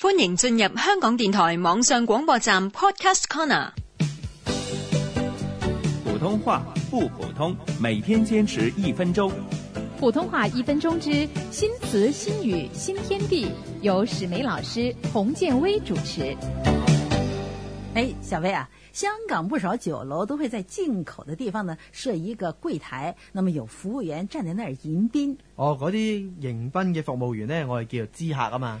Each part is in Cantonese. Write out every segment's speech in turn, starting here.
歡迎進入香港電台網上廣播站 Podcast Corner。普通話不普通，每天堅持一分鐘。普通話一分鐘之新詞新語新天地，由史梅老師洪建威主持。哎，小薇啊，香港不少酒樓都會在進口的地方呢設一個櫃台，那麼有服務員站在那迎賓。哦，嗰啲迎賓嘅服務員呢，我哋叫做知客啊嘛。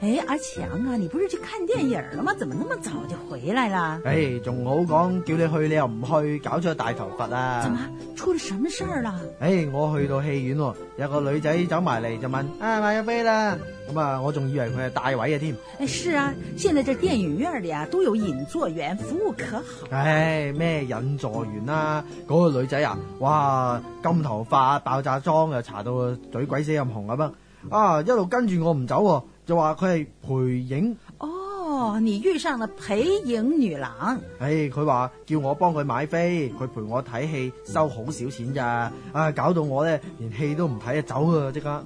哎，阿強啊，你不是去看電影了嗎？怎麼那麼早就回來啦。哎，仲好講叫你去，你又唔去，搞咗大頭佛啦、啊！怎麼出了什麼事兒了？哎，我去到戲院，有個女仔走埋嚟就問啊，買飛啦。咁、嗯、啊，我仲以為佢係帶位啊，添。哎，是啊，現在這電影院裏啊，都有引座員，服務可好、啊？哎，咩引座員啦、啊？嗰、那個女仔啊，哇，金頭髮、爆炸妝，又搽到嘴鬼死咁紅啊！乜啊，一路跟住我唔走、啊。就話佢係陪影哦，oh, 你遇上了陪影女郎。唉、哎，佢話叫我幫佢買飛，佢陪我睇戲，收好少錢咋？啊，搞到我咧連戲都唔睇就走啊！即刻。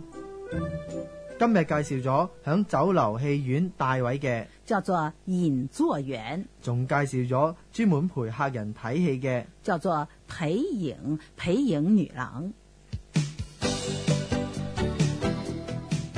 今日介紹咗響酒樓戲院帶位嘅叫做引座員，仲介紹咗專門陪客人睇戲嘅叫做陪影陪影女郎。